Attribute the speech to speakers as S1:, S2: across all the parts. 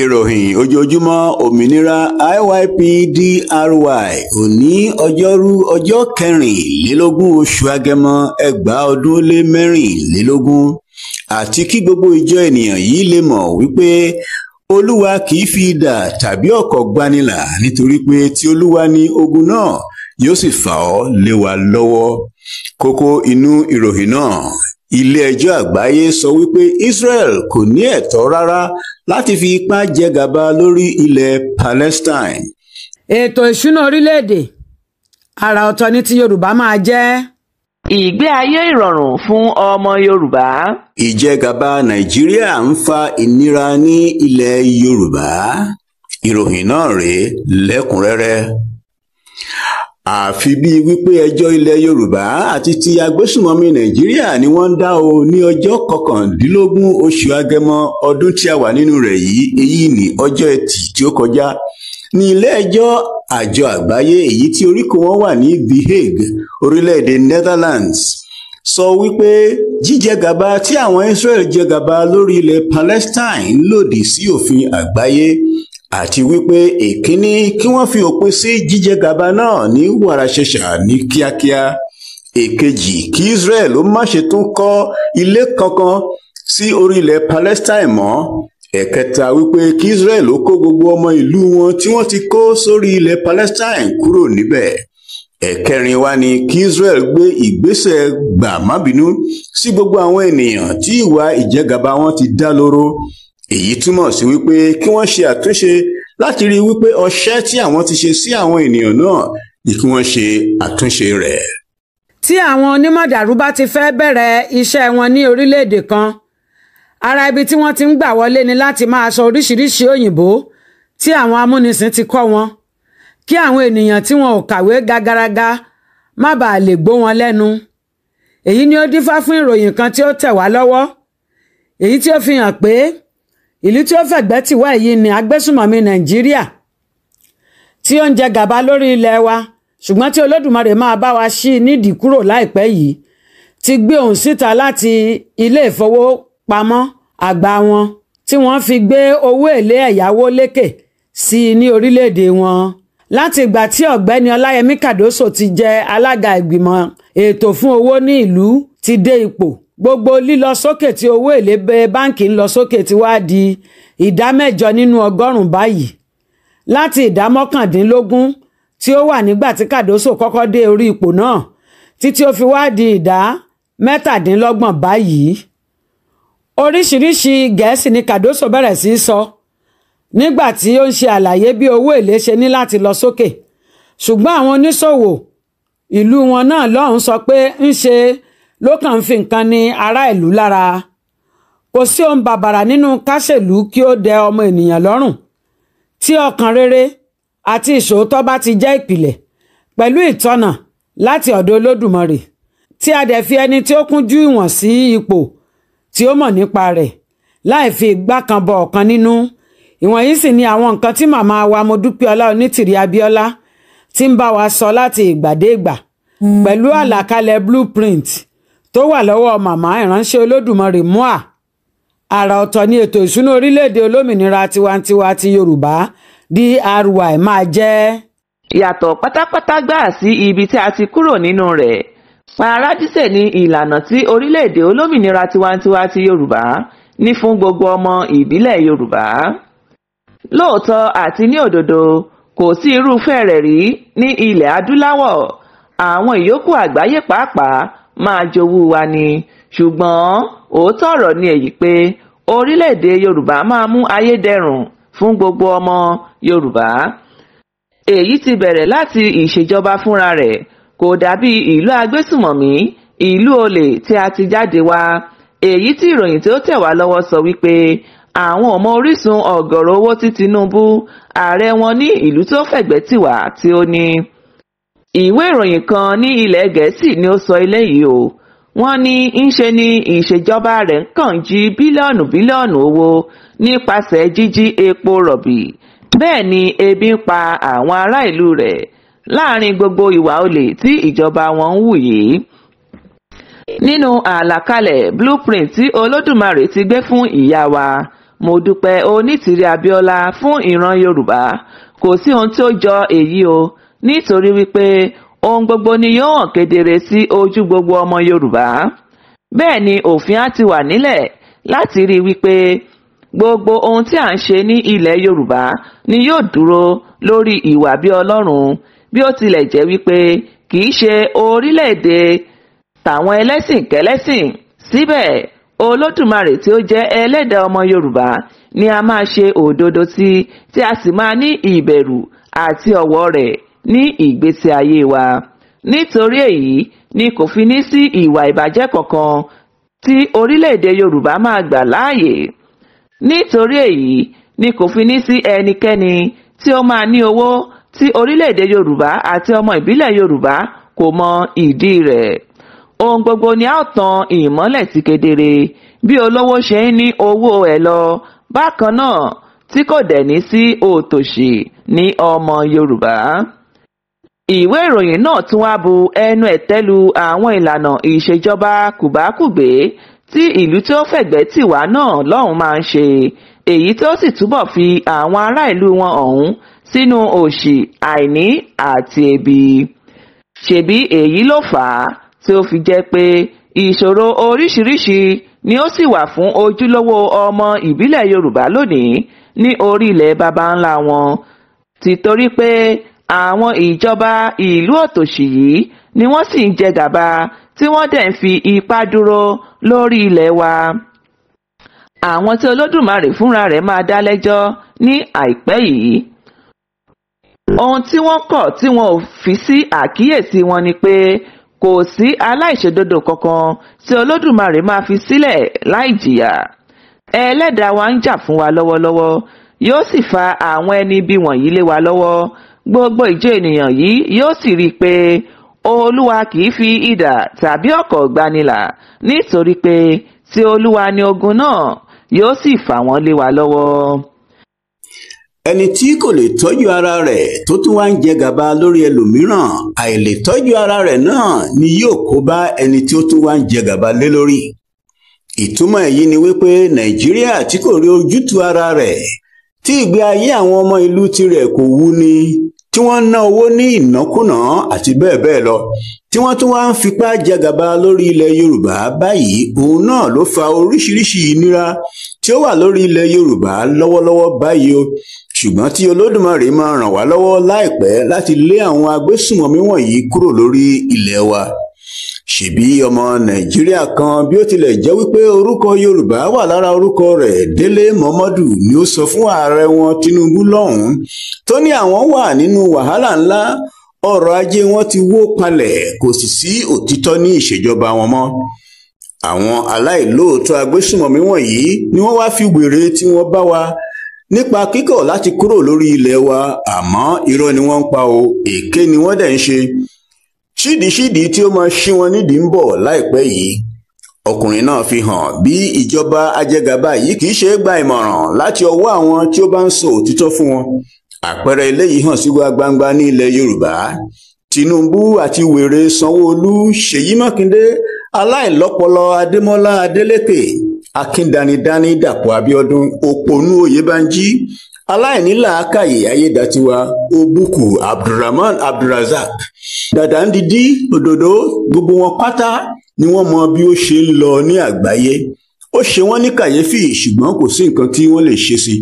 S1: ìròyìn ojoojúmọ́ òmìnira IYPDRY òní ọjọ́rú ọjọ́ kẹrìnlélógún oṣù agẹmọ ẹgbàá ọdún lé mẹ́rìnlélógún àti kí gbogbo ìjọ ènìyàn yìí lè mọ̀ wípé olúwa kì í fi idà tàbí ọ̀kọ̀ gbanilà nítorí pé tí olúwa ní ogun náà yóò sì fà ọ́ lé wa lọ́wọ́ kókó inú ìròyìn náà ilé-ẹjọ́ àgbáyé sọ wípé israel kò ní ẹ̀tọ́ rárá láti fi ipá jẹgàba lórí ilẹ̀ palestine.
S2: ètò ìṣúná orílẹ̀-èdè àrà ọ̀tọ̀ ni ti yorùbá máa jẹ́.
S1: ìgbé ayé ìrọ̀rùn fún ọmọ yorùbá. ìjẹgàba nàìjíríà ń fa ìnira ní ilẹ̀ yorùbá ìròyìn náà rèé lẹ́kùnrẹ́rẹ́. àfi bíi wípé ẹjọ́ ilẹ̀ yorùbá àti ti agbésùnmọ̀mí nàìjíríà ni wọ́n ń dá o ní ọjọ́ kọkàndínlógún oṣù agẹmọ ọdún tí a wà nínú rẹ̀ yìí èyí ní ọjọ́ ẹtì tí ó kọjá ní ilé-ẹjọ́ àjọ àgbáyé èyí tí oríkò wọn wà ní the hague orílẹ̀-èdè netherlands sọ wípé jíjẹgàba tí àwọn israel jẹgàba lórí ilẹ̀ palestine lòdì sí òfin àgbáyé. Si àti wípé èkíní kí wọ́n fi òpin sí jíjẹ gàba náà ní wàràṣẹṣà ní kíákíá èkejì kí Israel ó má ṣe tún kọ́ ilé kankan sí orílẹ̀ Palestine mọ́ ẹ̀kẹta wípé kí Israel ó kó gbogbo ọmọ ìlú wọn tí wọ́n ti kó sórí ilẹ̀ Palestine kúrò níbẹ̀ ẹ̀kẹrin wá ni kí Israel gbé ìgbésẹ̀ gbàmábínú sí gbogbo àwọn ènìyàn tí ìwà ìjẹgàba wọn ti dá lóró èyí túmọ̀ sí wípé kí wọ́n ṣe àtúnṣe láti rí wípé ọṣẹ́ tí àwọn ti ṣe sí àwọn ènìyàn náà ni kí wọ́n ṣe àtúnṣe rẹ̀.
S2: tí àwọn onímọ̀dàrú bá ti fẹ́ bẹ̀rẹ̀ iṣẹ́ wọn ní orílẹ̀-èdè kan ara ibi tí wọ́n ti ń gbà wọlé ni láti máa sọ oríṣiríṣi òyìnbó tí àwọn amúnisìn ti kọ́ wọn kí àwọn ènìyàn tí wọn ò kàwé gagaraga má bàa lè gbọ́ wọn lẹ́nu èyí ni ó dífá fún ìròyìn kan tí ó tẹ̀ wá lọ́wọ́ èyí tí ó fi hàn pé ìlú tí ó fẹ̀gbẹ́ tì wá yìí ni agbésùmọ̀mí nàìjíríà tí ó ń jẹ gàba lórí ilẹ̀ wa ṣùgbọ́n tí olódùmarè máa bá wa ṣí nídìí kúrò láìpẹ́ yìí ti gbé òun síta láti ilé ìfowópamọ́ àgbà wọn tí wọ́n fi gbé owó èlé ẹ̀yáwó lékè sí i ní orílẹ̀-èdè wọn láti ìgbà tí ọ̀gbẹ́ni ọláyẹmí kàdóso ti jẹ alága ìgbìmọ̀ ètò fún owó ní ìlú ti dé ipò gbogbo lílọ sókè tí owó èlé báǹkì ń lọ sókè ti wá di ìdá mẹ́jọ nínú ọgọ́rùn-ún báyìí láti ìdá mọ́kàndínlógún tí ó wà nígbà tí Cardoso kọ́kọ́ dé orí ipò náà títí ó fi wá di ìdá mẹ́tàdínlọ́gbọ̀n báyìí oríṣiríṣi gẹ̀ẹ́sì ni Cardoso bẹ̀rẹ̀ sí í sọ nígbà tí ó ń ṣe àlàyé bí owó èlé ṣe ní láti lọ sókè ṣùgbọ́n àwọn oníṣòwò ìlú wọn náà lọ́hùn-ún sọ pé ń ṣe ló kàn ń fi nǹkan ní ará ìlú lára kò sí ohun bàbàrà nínú káṣèlú kí ó dẹ ọmọ ènìyàn lọ́rùn tí ọkàn rere àti ìṣòótọ́ bá ti jẹ́ ìpìlẹ̀ pẹ̀lú ìtọ́nà láti ọ̀dọ̀ olódùmarè tí a dẹ̀ fi ẹni tí ó kúnjú ìwọ̀n sí ipò tí ó mọ̀ nípa rẹ̀ láì fi igbá kan bọ ọ̀kan nínú ìwọ̀nyí sì ni àwọn nǹkan tí màmá wa Modúpẹ́ọlá Onítìrí Abíọ́lá ti ń bá wa sọ láti ìgbà dé ìgbà hmm. pẹ̀lú àlàkalẹ̀ blueprint tó wà lọ́wọ́ màmá ìránṣẹ́ olódùmarè mua àrà ọ̀tọ̀ ni ètò ìsúná orílẹ̀-èdè olómìnira tiwantiwa ti yorùbá DRY máa jẹ́. yàtọ̀ pátápátá gbáà sí ibi tí a ti kúrò nínú rẹ̀ paradíṣe ni ìlànà tí
S3: orílẹ̀-èdè olómìnira tiwantiwa ti yorùbá ní fún gbogbo ọmọ ìbílẹ̀ yorùbá. lóòótọ́ àti ní òdodo kò sí irúfẹ́ rẹ̀ rí ní ilẹ̀ adúláwọ̀ àwọn ìyókù àgbáyé pàápàá máa jowú wa ni ṣùgbọ́n òótọ́ ọ̀rọ̀ ni èyí pé orílẹ̀-èdè yorùbá máa mú ayédẹrùn fún gbogbo ọmọ yorùbá èyí ti bẹ̀rẹ̀ láti ìṣèjọba fúnra rẹ̀ kò dàbí ìlú agbésùmọ̀mí ìlú olè tí a ti jáde wá èyí tí ìròyìn tí ó tẹ̀ wá lọ́wọ́ sọ wípé àwọn ọmọ orísun ọ̀gọ̀rọ̀ owó tí tinubu ààrẹ wọn ní ìlú tó fẹ̀gbẹ́ tì wá tí ó ní ìwé ìròyìn kan ní ilẹ̀ gẹ̀ẹ́sì ni ó sọ eléyìí o wọ́n ní ńṣe ni ìṣèjọba rẹ̀ ń kàn jí bílíọ̀nù bílíọ̀nù owó nípasẹ̀ jíjí epo rọ̀bì bẹ́ẹ̀ ni ebi ń pa àwọn ará ìlú rẹ̀ láàrin gbogbo ìwà olè tí ìjọba wọn ń wù yìí nínú àlàkalẹ̀ blueprint tí olódùmarè ti gbé fún ìyá wa mo dúpẹ́ onítìrí abíọ́lá fún ìran yorùbá kò sí ohun tó jọ èyí o nítorí wípé ohun gbogbo ni yóò hàn kedere sí ojú gbogbo ọmọ Yorùbá bẹ́ẹ̀ ni òfin á ti wà nílẹ̀ láti rí wípé gbogbo ohun tí à ń ṣe ní ilẹ̀ Yorùbá ni yóò dúró lórí ìwà bí Ọlọ́run bí ó tilẹ̀ jẹ́ wípé kì í ṣe orílẹ̀-èdè tàwọn ẹlẹ́sìn kẹlẹ́sìn síbẹ̀ Olódùmarè tí ó jẹ́ ẹlẹ́dàá ọmọ Yorùbá ni a máa ṣe òdodo sí tí a sì máa ní ìbẹ̀rù àti ọ̀wọ̀ rẹ̀ ní ìgbésí ayé wa nítorí èyí ni kò fi ní sí ìwà ìbàjẹ́ kankan tí orílẹ̀-èdè Yorùbá máa gbà láàyè nítorí èyí ni kò fi ní sí ẹnikẹ́ni tí ó máa ní owó tí orílẹ̀-èdè Yorùbá àti ọmọ ìbílẹ̀ Yorùbá kò mọ ìdí rẹ̀ ohun gbogbo ni a ó tan ìmọ́lẹ̀ sí kedere bí olówó ṣe ń ní owó ẹ̀ lọ bákan náà tí kò dẹ̀ ní sí òtòṣì ní ọmọ Yorùbá ìwé ìròyìn náà tún wá bu ẹnu ẹ̀tẹ́ lu àwọn ìlànà ìṣèjọba kùbákùgbé tí ìlú tí ó fẹ̀gbẹ́ tì wá náà lọ́hùn máa ń ṣe èyí tí ó sì túbọ̀ fi àwọn ará ìlú wọn ọ̀hún sínú òṣì àìní àti ebi ṣèbí èyí ló fà á tí ó fi jẹ́ pé ìṣòro oríṣiríṣi ni ó sì wà fún ojúlówó ọmọ ìbílẹ̀ Yorùbá lónìí ní orí ilẹ̀ baba ńlá wọn tìtorí pé àwọn ìjọba ìlú òtòṣì yìí ni wọ́n sì ń jẹ gàba tí wọ́n dẹ̀ ń fi ipá dúró lórí ilẹ̀ wa. àwọn tí olódùmarè fúnra rẹ̀ máa dá lẹ́jọ́ ní àìpẹ́ yìí. ohun tí wọ́n kọ̀ tí wọn ò fi sí àkíyèsí wọn ni pé kò sí aláìṣòdodo kankan tí olódùmarè máa fi sílẹ̀ láì jìyà. ẹlẹ́dàá wa ń jà fún wa lọ́wọ́lọ́wọ́ yóò sì fa àwọn ẹni bí wọ̀nyí lé wa lọ́wọ́ gbogbo ìjọ ènìyàn yìí yóò sì rí i pé olúwa kì í fi idà tàbí ọ̀kọ̀ gbanilà nítorí pé ti olúwa ni ogun náà yóò sì fà wọ́n lé wa lọ́wọ́.
S1: ẹni tí kò lè tọ́jú ara rẹ̀ tó tún wá ń jẹ gàba lórí ẹlòmíràn àìlè tọ́jú ara rẹ̀ náà ni yóò kó bá ẹni tí ó tún wá ń jẹ gàba lé lórí. ìtumọ̀ èyí ni wípé nàìjíríà tí kò rí ojútùú ara rẹ̀ tí ìgbé ayé àwọn ọmọ ìlú tirẹ̀ kò wú ni tí wọ́n ń ná owó ní ìnákúnà àti bẹ́ẹ̀ bẹ́ẹ̀ lọ tí wọ́n tún wá ń fipá jagaba lórí ilẹ̀ Yorùbá báyìí òun náà ló fa oríṣiríṣi ìnira tí ó wà lórí ilẹ̀ Yorùbá lọ́wọ́lọ́wọ́ báyìí o ṣùgbọ́n tí Olódùmarè máa ràn wá lọ́wọ́ láìpẹ́ láti lé àwọn agbésùnmọ̀mí wọ̀nyí kúrò lórí ilẹ̀ wa ṣèbí ọmọ nàìjíríà kan bí ó tilẹ̀ jẹ́ wípé orúkọ yorùbá wà lára orúkọ rẹ̀ délé mọ́mọ́dù ni ó sọ fún ààrẹ wọn tinubu lọ́hùn-ún tó ní àwọn wà nínú wàhálà ńlá ọrọ̀ ajé wọn ti wó palẹ̀ kò sì sí òtítọ́ ní ìṣèjọba wọn mọ́ àwọn aláìlóòótọ́ agbésùmọ̀mí wọ̀nyí ni wọ́n wá fi wèrè tí wọ́n bá wa nípa kíkọ̀ láti kúrò lórí ilẹ̀ wa àmọ́ irọ́ ni wọ́n ń pa o èké ni wọ́n dẹ̀ ń ṣe ṣídìíṣídìí tí ó máa ṣí wọn nídìí ń bọ̀ láìpẹ́ yìí ọkùnrin náà fi hàn bí ìjọba ajẹgàba yìí kì í ṣe é gba ìmọ̀ràn láti ọwọ́ àwọn tí ó bá ń sọ òtítọ́ fún wọn àpẹẹrẹ eléyìí hàn síwá gbangba ní ilẹ̀ yorùbá tinubu àti wèrè sanwóolu ṣèyí mákindé aláìlọ́pọlọ adémọ́lá adélékè akíndanidání dàpọ̀ abíọ́dún òpònú oyèbánjí aláìnílàákàyè ayédatiwa obuku abdulrahman abdulrasaq dàdà ń didí òdòdó gbogbo wọn pátá ni wọ́n mọ bí ó ṣe ń lọ ní àgbáyé ó ṣe wọ́n ní kàyéfì ṣùgbọ́n kò sí nǹkan tí wọ́n lè ṣe sí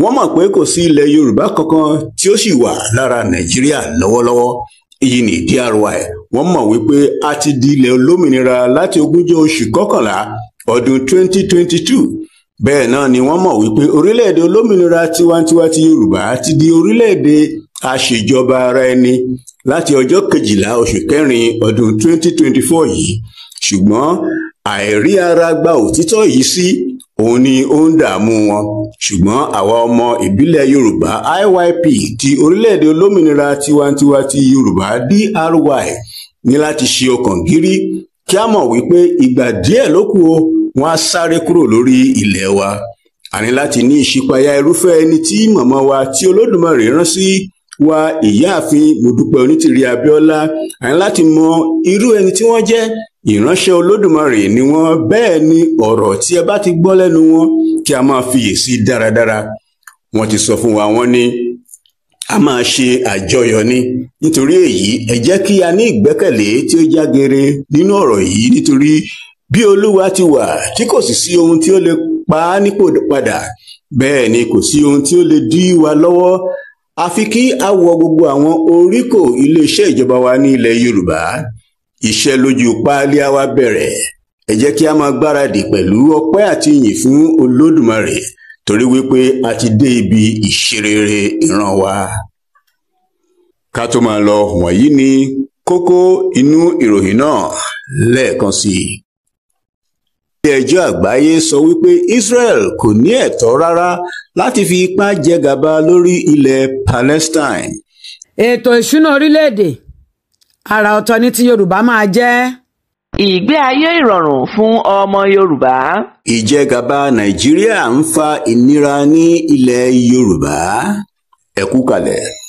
S1: wọ́n mọ̀ pé kò sí ilẹ̀ yorùbá kankan tí ó sì wà lára nàìjíríà lọ́wọ́lọ́wọ́ èyí ni DRY wọ́n mọ̀ wípé a ti di ilẹ̀ olómìnira láti ogúnjọ́ oṣù kọkànlá ọdún 2022 bẹ́ẹ̀ náà ni wọ́n mọ̀ wípé orílẹ̀-èdè olómìnira tiwantiwa ti yorùbá ti di orílẹ̀-èdè aṣèjọba ara ẹni láti ọjọ́ kejìlá oṣù kẹrin ọdún 2024 yìí ṣùgbọ́n àìrí ara gba òtítọ́ yìí sí òun ni ó ń dààmú wọn ṣùgbọ́n àwa ọmọ ìbílẹ̀ yorùbá IYP ti orílẹ̀-èdè olómìnira tiwantiwa ti yorùbá DRY ní láti ṣe ọkàn gírí kí a mọ̀ wípé ìgbà díẹ̀ ló kù o wọ́n á sáré kúrò lórí ilẹ̀ wa a láti ní ìṣípayá irúfẹ́ ẹni tí mọ̀mọ́ wa tí olódùmarè rán sí wa ìyáàfin mọ́dúpẹ́ onítìrí abíọ́lá àní láti mọ irú ẹni tí wọ́n jẹ́ ìránṣẹ́ olódùmarè ni wọ́n bẹ́ẹ̀ ni ọ̀rọ̀ tí ẹ bá ti gbọ́ lẹ́nu wọn kí a máa fiyèsí dáradára wọ́n ti sọ fún wa wọ́n ní a máa ṣe àjọyọ̀ ni nítorí èyí ẹ jẹ́ kí a ní ìgbẹ́kẹ̀lé tí ó jágere nínú ọ̀rọ̀ yìí nítorí bí olúwa ti wà tí kò sì sí ohun tí ó lè pa á nípò padà bẹ́ẹ̀ ni kò sí ohun tí ó lè dí wa lọ́wọ́ àfi kí a wọ gbogbo àwọn oríkò iléeṣẹ́ ìjọba wa ní ilẹ̀ Yorùbá iṣẹ́ lójú páálí àwa bẹ̀rẹ̀ ẹ jẹ́ kí a máa gbáradì pẹ̀lú ọpẹ́ àti ìyìn fún Olódùmarè torí wípé a ti dé ibi ìṣerere ìran wa. ká tó máa lọ wọ̀nyí ni kókó inú ìròyìn náà lẹ́ẹ̀kan sí i. ilé-ẹjọ́ àgbáyé sọ wípé Israel kò ní ẹ̀tọ́ rárá láti fi ipá gàba lórí ilẹ̀ Palestine.
S2: ètò ìṣúná orílẹ̀-èdè àrà ọ̀tọ̀ ni ti Yorùbá máa jẹ́. Ìgbé ayé ìrọ̀rùn fún
S1: ọmọ Yorùbá. Ìjẹgàba Nàìjíríà ń fa ìnira ní ilẹ̀ Yorùbá. Ẹ